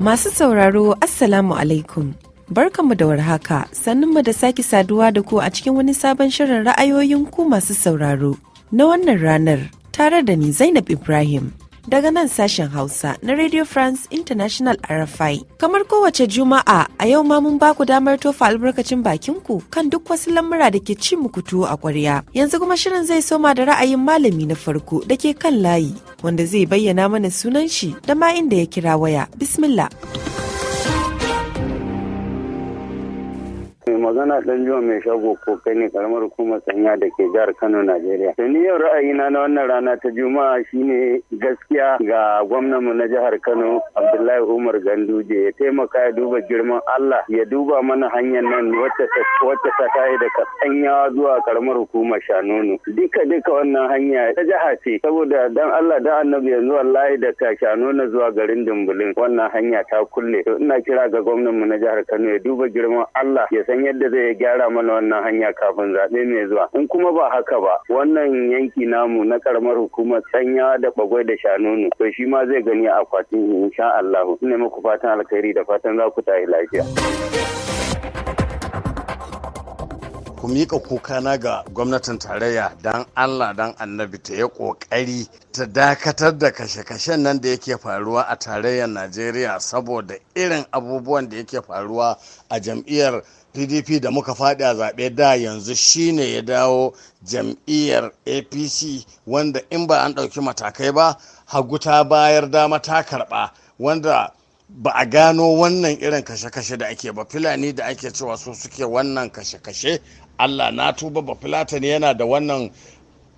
Masu sauraro Assalamu alaikum. Barkanmu da warhaka, mu da sake saduwa da ku a cikin wani sabon shirin ra'ayoyin ku masu sauraro na wannan ranar tare da ni Zainab Ibrahim. daga nan sashen Hausa na Radio France International RFI. Kamar kowace Juma'a a yau ma mun baku damar tofa albarkacin bakinku kan duk wasu lamura da ke ci muku tuwo a kwarya Yanzu kuma shirin zai soma da ra'ayin malami na farko da ke kan layi wanda zai bayyana mana sunan shi da ma inda ya kira waya. Bismillah. magana dan jiwa mai shago ko kai ne karamar hukumar sanya da ke jihar Kano Najeriya. Da ni yau ra'ayina na wannan rana ta Juma'a shine gaskiya ga gwamnan mu na jihar Kano Abdullahi Umar Ganduje ya taimaka ya duba girman Allah ya duba mana hanyar nan wacce ta wacce ta kai daga sanyawa zuwa karamar hukumar Shanunu. Duka duka wannan hanya ta jiha ce saboda dan Allah da Annabi yanzu wallahi daga na zuwa garin Dumbulin wannan hanya ta kulle. To ina kira ga gwamnan mu na jihar Kano ya duba girman Allah ya sanya yadda zai gyara mana wannan hanya kafin zaɓe mai zuwa in kuma ba haka ba wannan yanki namu na karamar hukumar sanya da bagwai da shanunu to shi ma zai gani a akwatin insha Allah ina muku fatan alkhairi da fatan za ku tafi lafiya ku miƙa na ga gwamnatin tarayya dan allah dan annabi ta yi ƙoƙari ta dakatar da kashe-kashen nan da yake faruwa a tarayyar najeriya saboda irin abubuwan da yake faruwa a jam'iyyar pdp da muka faɗi a zaɓe da yanzu shine ya dawo jam'iyyar apc wanda in ba an ɗauki matakai ba hagu ta bayar dama ta karɓa wanda ba a gano wannan irin kashe-kashe da ake ba fulani da ake cewa su suke wannan kashe-kashe allah na tuba ba fulatani yana da wannan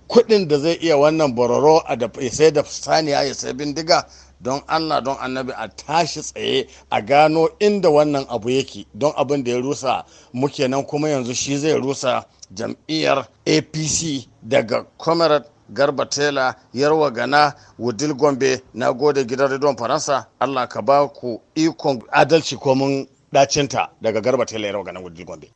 kuɗin da zai iya wannan bororo a sai da saniya ya sai bindiga don allah don annabi a tashi tsaye a gano inda wannan abu yake don abin da ya rusa muke nan kuma yanzu shi zai rusa jam'iyyar apc daga comrade garba tela yarwa gana wudil gombe na gode gidan rediyon faransa allah ka ba ku ikon adalci komin dacinta daga garba ta yarwa ganin gudun gombe.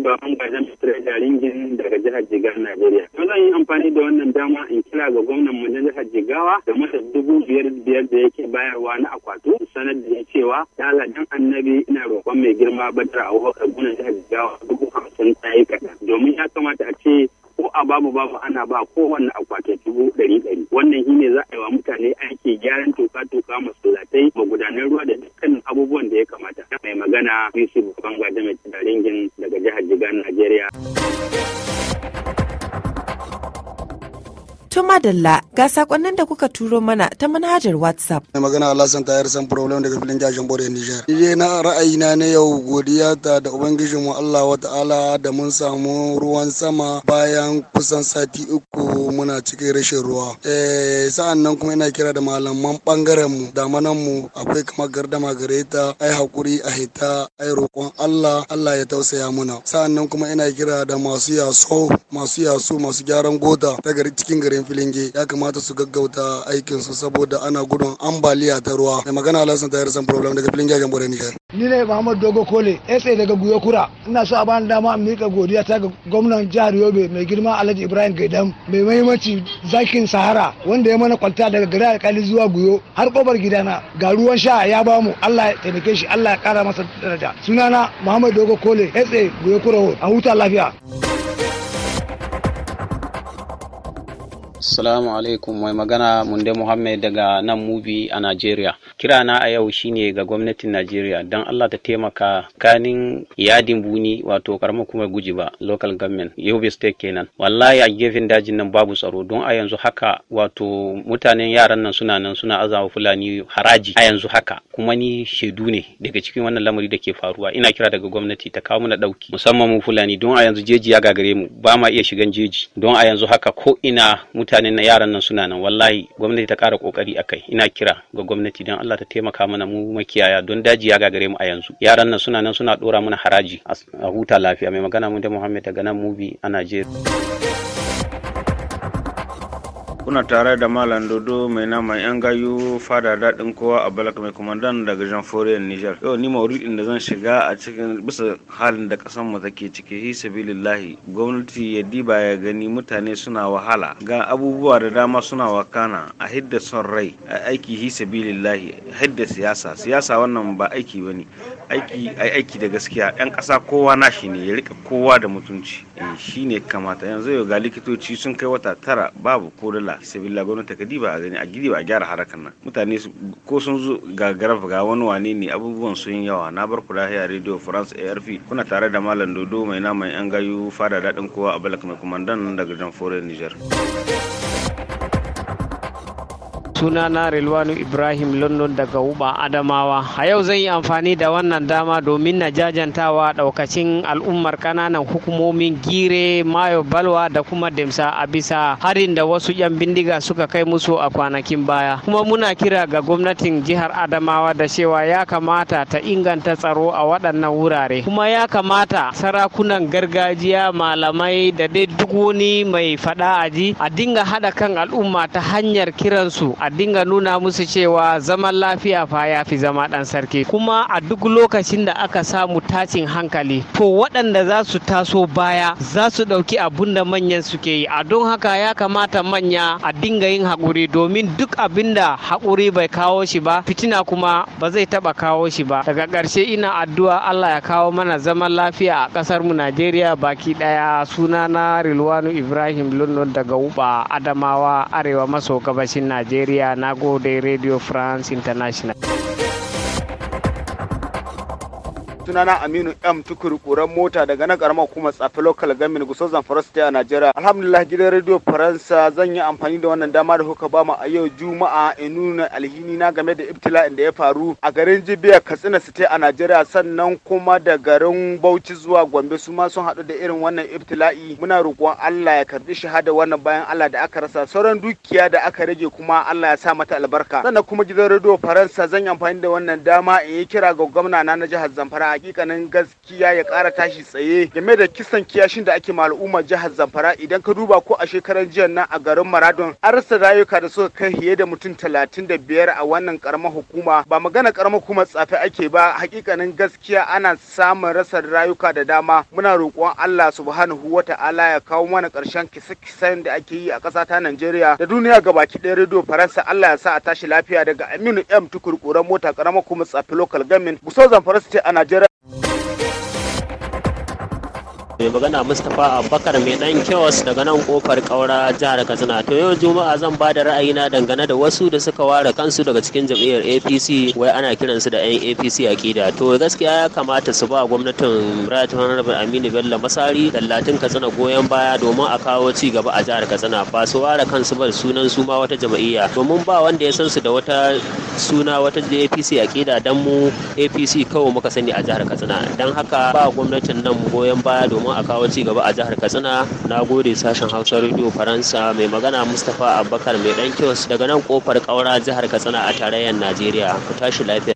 baban gajen da ringin daga jihar jigar najeriya to zan yi amfani da wannan dama in kira ga gwamnan mu na jihar jigawa da masa dubu biyar biyar da yake bayarwa na akwatu sanar da ya cewa dala dan annabi ina roƙon mai girma badar wakar gunan jihar jigawa dubu hamsin yi kaɗan domin ya kamata a ce ko a babu babu ana ba kowanne akwatin dubu ɗari ɗari wannan shine za a yi wa mutane aiki gyaran toka toka masallatai magudanar ruwa da dukkan abubuwan da ya kamata magana Yusuf da mai ringin daga jihar Jigan, Najeriya. Tuma Dalla ga sakonnin da kuka turo mana ta manhajar WhatsApp. Mai magana san Tayar san problem daga filin jajen Bore Niger. Ni na ra'ayi na ne yau godiya ta da ubangijin mu Allah wa ta'ala da mun samu ruwan sama bayan kusan sati uku muna cikin rashin ruwa. Eh sa'an nan kuma ina kira da malaman bangaren mu da manan mu akwai kamar gardama gare ta ai hakuri a hita ai roƙon Allah Allah ya tausaya muna. Sa'an nan kuma ina kira da masu yaso masu yaso masu gyaran gota ta gari cikin garin filinge ya kamata kamata su gaggauta aikin saboda ana gudun ambaliya ta ruwa mai magana alhassan ta san problem daga filin gyagen bore niger ni ne muhammad dogo kole ese daga guyo kura ina so a bani dama in miƙa godiya ta ga gwamnan jihar yobe mai girma alhaji ibrahim gaidam mai mahimmanci zakin sahara wanda ya mana kwalta daga gari alkali zuwa guyo har kobar gidana ga ruwan sha ya bamu allah ya taimake shi allah ya kara masa daraja sunana muhammad dogo kole sa guyo kura a huta lafiya. Assalamu alaikum mai magana Munde Muhammad daga nan mubi a Najeriya. kira na a yau shine ga gwamnatin Najeriya don Allah ta taimaka kanin yadin buni wato karamar kuma guji ba local government Yobe state kenan. Wallahi a gefen dajin nan babu tsaro don a yanzu haka wato mutanen yaran nan suna nan suna azawa Fulani haraji a yanzu haka kuma ni shaidu ne daga cikin wannan lamari da ke faruwa ina kira daga gwamnati ta kawo mana dauki musamman mu Fulani don a yanzu jeji ya gagare mu ba ma iya shigan jeji don a yanzu haka ko ina mutanen na yaran nan suna nan wallahi gwamnati ta kara ƙoƙari a kai ina kira ga gwamnati don Allah ta taimaka mana mu makiyaya don daji ya gagare mu a yanzu yaran nan suna nan suna ɗora mana haraji a huta lafiya mai magana mu da Muhammad daga nan mubi a Najeriya. kuna tare da malam dodo mai naman yan gayu fada daɗin kowa a balak mai kumandan daga jan foriyar nijar yau ni maudu'in da zan shiga a cikin bisa halin da ƙasan mu take ciki hi sabilillahi gwamnati ya diba ya gani mutane suna wahala ga abubuwa da dama suna wakana a hidda son rai a aiki hi sabilillahi hidda siyasa siyasa wannan ba aiki bane aiki ai aiki da gaskiya yan ƙasa kowa nashi ne ya rika kowa da mutunci eh, shine kamata yanzu ga likitoci sun kai wata tara babu ko dala Allah billa gwamnati ka diba a gani a gidi ba a gyara harakan nan mutane ko sun zo ga garaf ga wani wane ne abubuwan sun yawa na bar ku lahiya radio France ARP kuna tare da Malam Dodo mai naman yan gayu fada dadin kowa a Balak mai kumandan daga Jamhuriyar Niger. sunana Rilwanu Ibrahim London daga Uba Adamawa. A yau zan yi amfani da wannan dama domin na jajantawa daukacin al'ummar kananan hukumomin Gire, Mayo Balwa da kuma Demsa a bisa harin da wasu 'yan bindiga suka kai musu a kwanakin baya. Kuma muna kira ga gwamnatin jihar Adamawa da cewa ya kamata ta inganta tsaro a waɗannan wurare. Kuma ya kamata sarakunan gargajiya, malamai da dai duk wani mai faɗa aji a dinga haɗa kan al'umma ta hanyar kiransu a dinga nuna musu cewa zaman lafiya fa ya fi zama ɗan sarki kuma a duk lokacin da aka samu tashin hankali to waɗanda za su taso baya za su ɗauki abun da manyan suke yi a don haka ya kamata manya a dinga yin haƙuri domin duk abin da haƙuri bai kawo shi ba fitina kuma ba zai taɓa kawo shi ba daga ƙarshe ina addu'a Allah ya kawo mana zaman lafiya a ƙasar mu Najeriya baki ɗaya suna na Rilwanu Ibrahim London daga Uba Adamawa Arewa maso gabashin Najeriya Nigeria. Na Radio France International. sunana Aminu M Tukuru kuran mota daga nan karamar kuma Tsafi Local gamin Gusau Zamfara State a Najeriya. Alhamdulillah gidan Radio Faransa zan yi amfani da wannan dama da kuka bamu a yau Juma'a in nuna alhini na game da ibtila'in da ya faru a garin Jibiya Katsina State a Najeriya sannan kuma da garin Bauchi zuwa Gombe su ma sun haɗu da irin wannan ibtila'i. Muna roƙon Allah ya karbi shahada wannan bayan Allah da aka rasa sauran dukiya da aka rage kuma Allah ya sa mata albarka. Sannan kuma gidan Radio Faransa zan yi amfani da wannan dama in yi kira ga gwamna na jihar Zamfara hakikanin gaskiya ya kara tashi tsaye game da kisan kiyashin da ake al'ummar jihar Zamfara idan ka duba ko a shekaran jiya nan a garin Maradon an rasa rayuka da suka kai fiye da mutum talatin da biyar a wannan karamar hukuma ba magana karamar hukumar tsafi ake ba hakikanin gaskiya ana samun rasa rayuka da dama muna roƙon Allah subhanahu wa ta'ala ya kawo mana ƙarshen kisa-kisan da ake yi a ƙasa ta Najeriya da duniya gabaki ɗaya rediyo Faransa Allah ya sa a tashi lafiya daga Aminu M tukurkuran mota karamar hukumar tsafi local government Gusau Zamfara ce a Najeriya mai magana mustapha abubakar mai dan kyawas daga nan kofar kaura jihar katsina to yau juma'a zan ba da ra'ayina dangane da wasu da suka ware kansu daga cikin jam'iyyar apc wai ana kiransu da yan apc akida to gaskiya ya kamata su ba gwamnatin right honorable aminu bello masari dallatin katsina goyon baya domin a kawo ci gaba a jihar katsina ba su ware kansu ba sunan su ma wata jam'iyya domin ba wanda ya san su da wata suna wata apc akida dan mu apc kawai muka sani a jihar katsina dan haka ba gwamnatin nan goyon baya domin domin a kawo ci gaba a jihar katsina na gode sashen hausa radio faransa mai magana mustapha abubakar mai dan kios daga nan kofar kaura jihar katsina a tarayyar najeriya ku tashi lafiya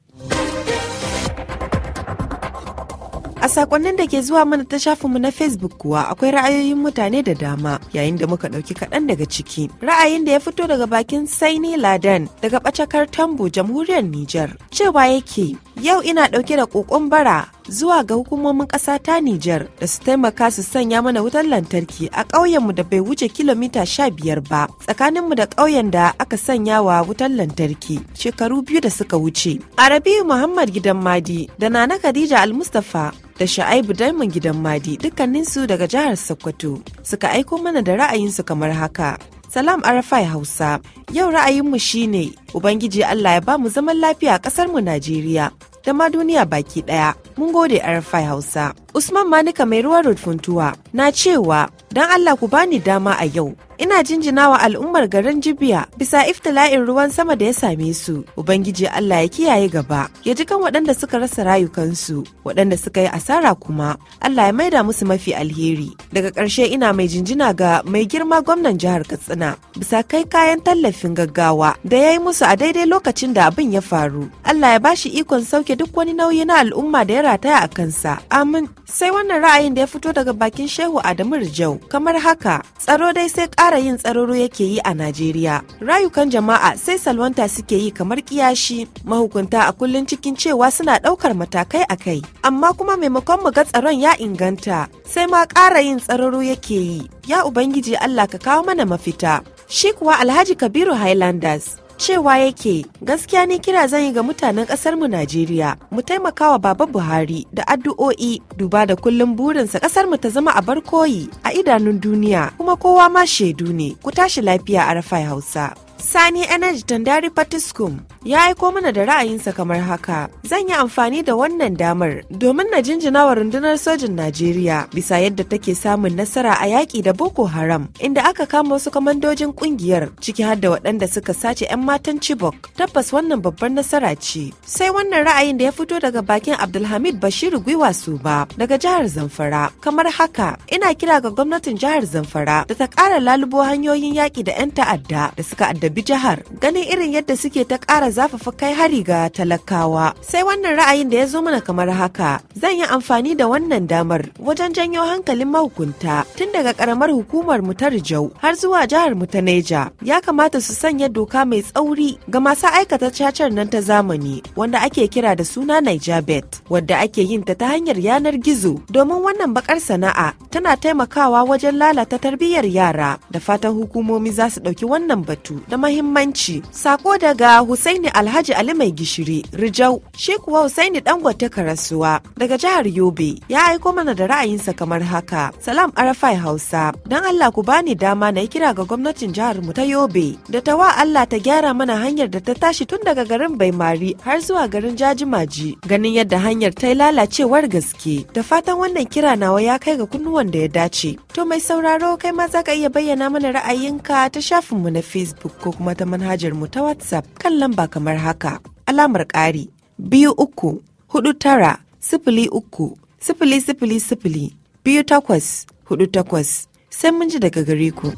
A sakonnin da ke zuwa mana ta shafinmu na Facebook kuwa akwai ra'ayoyin mutane da dama yayin da muka ɗauki kaɗan daga ciki. Ra'ayin da ya fito daga bakin Saini Laden daga ɓacakar Tambo jamhuriyar Nijar cewa yake Yau ina ɗauke da ƙoƙon bara zuwa ga hukumomin ƙasa ta Nijar da su taimaka su sanya mana wutar lantarki a ƙauyenmu da bai wuce kilomita sha biyar ba tsakaninmu da ƙauyen da aka sanya wa wutar lantarki shekaru biyu da suka wuce. Arabiyu Muhammad Gidan Madi da Nana Khadija al-Mustapha da Sha'aibu Daiman Gidan Madi dukkaninsu daga jihar Sokoto suka aiko mana da ra'ayinsu kamar haka. Salam Arafai Hausa. Yau ra'ayinmu shine Ubangiji Allah ya ba mu zaman lafiya a ƙasarmu Najeriya da ma duniya baki ɗaya. Mun gode Arafai Hausa. Usman Manika mai ruwa Funtuwa na cewa don Allah ku bani dama a yau. Ina jinjinawa al'ummar garin Jibiya bisa iftila'in ruwan sama da ya same su. Ubangiji Allah ya kiyaye gaba, ya ji kan waɗanda suka rasa rayukansu, waɗanda suka yi asara kuma, Allah ya maida musu mafi alheri. Daga ƙarshe ina mai jinjina ga mai girma gwamnan jihar Katsina bisa kai kayan tallafin gaggawa da ya yi musu a daidai lokacin da abin ya faru. Allah ya bashi ikon sauke duk wani nauyi na al'umma da ya rataya a kansa. Amin. Sai wannan ra'ayin da ya fito daga bakin Shehu Adamu Rijau kamar haka tsaro dai sai ƙara yin tsaroro yake yi a Najeriya. Rayukan jama'a sai salwanta suke yi kamar kiyashi mahukunta a kullum cikin cewa suna ɗaukar matakai a kai. Amma kuma maimakon mu ga tsaron ya inganta sai ma ƙara yin tsaroro yake yi. Ya Ubangiji Allah ka kawo mana mafita. Shi kuwa Alhaji Kabiru Highlanders cewa yake gaskiya ne kira zan yi ga mutanen ƙasarmu Najeriya mu taimaka wa baba Buhari da addu'o'i duba da kullum burinsa ƙasarmu ta zama a barkoyi a idanun duniya kuma kowa ma shaidu ne ku tashi lafiya a rafai Hausa. Sani Energy Tandari Patiskum ya aiko mana da ra'ayinsa kamar haka. Zan yi amfani da wannan damar domin na jinjina wa rundunar sojin Najeriya bisa yadda take samun nasara a yaƙi da Boko Haram inda aka kama wasu kamandojin ƙungiyar ciki har da waɗanda suka sace 'yan matan Chibok. Tabbas wannan babbar nasara ce. Sai wannan ra'ayin da ya fito daga bakin Abdulhamid Bashiru Gwiwa Suba daga jihar Zamfara. Kamar haka ina kira ga gwamnatin jihar Zamfara da ta ƙara lalubo hanyoyin yaƙi da 'yan ta'adda da suka addabi bi jihar ganin irin yadda suke ta ƙara zafafa kai hari ga talakawa sai wannan ra'ayin da ya zo mana kamar haka zan yi amfani da wannan damar wajen janyo hankalin mahukunta tun daga ƙaramar hukumar mu ta Rijau har zuwa jihar mu ta Neja ya kamata su sanya doka mai tsauri ga masu aikata cacar nan ta zamani wanda ake kira da suna Nijabet wadda ake yin ta ta hanyar yanar gizo domin wannan bakar sana'a tana taimakawa wajen lalata tarbiyyar yara da fatan hukumomi za su ɗauki wannan batu da mahimmanci. Sako daga Husaini Alhaji Ali Mai Gishiri, Rijau, shi kuwa Husaini Dangote Karasuwa daga jihar Yobe ya aiko mana da ra'ayinsa kamar haka. Salam Arafai Hausa, don Allah ku bani dama na yi kira ga gwamnatin jihar mu ta Yobe da ta wa Allah ta gyara mana hanyar da ta tashi tun daga garin Baimari har zuwa garin Jajimaji, ganin yadda hanyar ta yi lalacewar gaske. Da fatan wannan kira nawa ya kai ga kunnuwan da ya dace. To mai sauraro kai ma za ka iya bayyana mana ra'ayinka ta shafinmu na Facebook. ko kuma ta manhajar mu ta WhatsApp kan lamba kamar haka. Alamar ƙari biyu uku hudu tara sifili uku sifili sifili sifili biyu takwas hudu takwas sai mun ji daga gare ku.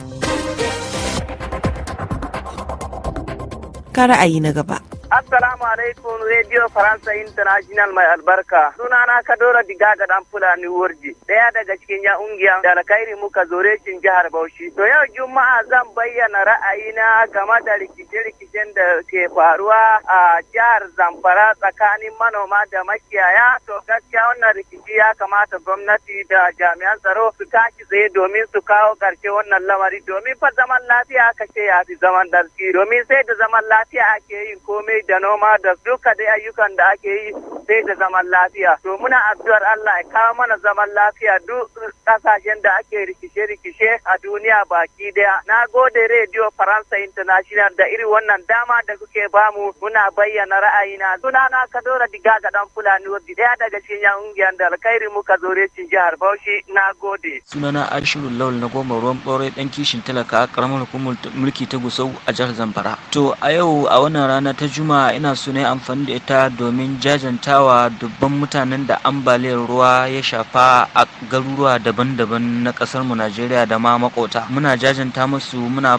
Ka ra'ayi na gaba. Assalamu alaikum Radio Faransa International mai albarka. Sunana Kadora ga dan Fulani Warji. daya daga cikin ya ungiya da alkairi muka zore cin jihar Bauchi. To yau Juma'a zan bayyana ra'ayina game da rikice-rikicen da ke faruwa a jihar Zamfara tsakanin manoma da makiyaya. To gaskiya wannan rikici ya kamata gwamnati da jami'an tsaro su tashi tsaye domin su kawo ƙarshe wannan lamari domin fa zaman lafiya aka ce ya fi zaman darki domin sai da zaman lafiya ake yin komai sai da noma da duka dai ayyukan da ake yi sai da zaman lafiya to muna addu'ar Allah ya kawo mana zaman lafiya duk kasashen da ake rikice-rikice a duniya baki daya. Na gode Radio Faransa International da irin wannan dama da kuke bamu muna bayyana ra'ayina. Suna na Kadora Diga ga dan Fulani Wadi daya daga cikin yan da alkhairi muka zore cin jihar Bauchi. Na gode. Suna na Ashiru Lawal na goma ruwan ɓaure ɗan kishin talaka a karamar hukumar mulki ta Gusau a jihar Zamfara. To a yau a wannan rana ta Juma'a ina so na amfani da ita domin jajantawa dubban mutanen da ambaliyar ruwa ya shafa a garuruwa da daban-daban na kasar mu Najeriya da ma makota muna jajanta musu muna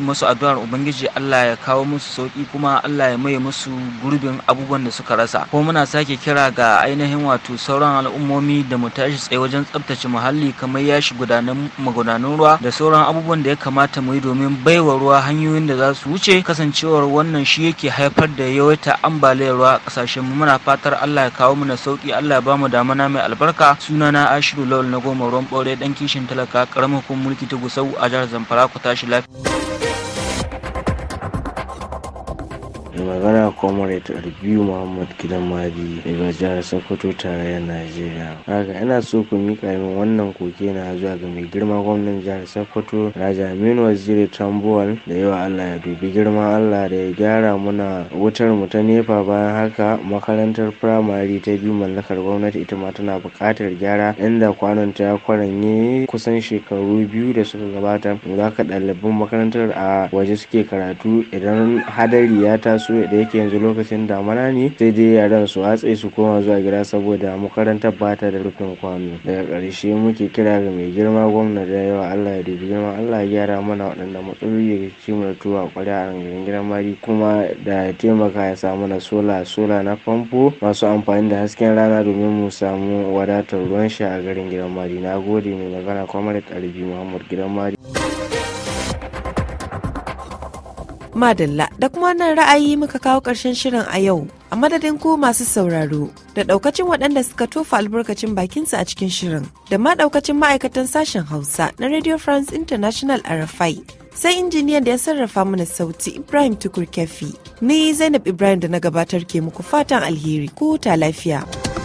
musu addu'ar ubangiji Allah ya kawo musu sauki kuma Allah ya mai musu gurbin abubuwan da suka rasa ko muna sake kira ga ainihin wato sauran al'ummomi da mu tashi tsaye wajen tsabtace muhalli kamar yashi gudanan magudanan ruwa da sauran abubuwan da ya kamata mu yi domin baiwa ruwa hanyoyin da za su wuce kasancewar wannan shi yake haifar da yawaita ambaliyar ruwa a kasashen mu muna fatar Allah ya kawo mana sauki Allah ya ba bamu damana mai albarka sunana Ashiru Lawal na goma Doron Bore dan kishin talaka karamar hukumar mulki ta Gusau a jihar Zamfara ku tashi lafiya. magana comrade biyu muhammad gidan madi daga jihar sokoto tarayyar najeriya haka ina so ku mika min wannan koke na zuwa ga mai girma gwamnan jihar sokoto raja aminu waziri tambuwal da yawa allah ya dubi girma. allah da ya gyara muna wutar mu ta nefa bayan haka makarantar firamare ta biyu mallakar gwamnati ita ma tana buƙatar gyara inda kwanon ta kwaranye kusan shekaru biyu da suka gabata za ka ɗalibin makarantar a waje suke karatu idan hadari ya taso su da yake yanzu lokacin damana ne sai dai yaran su hatse su koma zuwa gida saboda makarantar ta da rufin kwano daga ƙarshe muke kira ga mai girma gwamna da yawa Allah ya dubi girma Allah ya gyara mana waɗanda matsaloli da ke mu da tuwa ƙwarya a garin gidan mari kuma da taimaka ya samu na sola sola na famfo masu amfani da hasken rana domin mu samu wadatar ruwan sha a garin gidan mari na gode mai magana kwamar alibi muhammad gidan mari. madalla da kuma nan ra'ayi muka kawo ƙarshen shirin a yau a madadin ku masu sauraro da ɗaukacin waɗanda suka tofa albarkacin bakinsu a cikin shirin da ma ɗaukacin ma'aikatan sashen hausa na radio france international rfi sai injiniyan da ya sarrafa mana sauti ibrahim tukur kefi ni zainab ibrahim da na gabatar ke muku fatan alheri ku ta lafiya.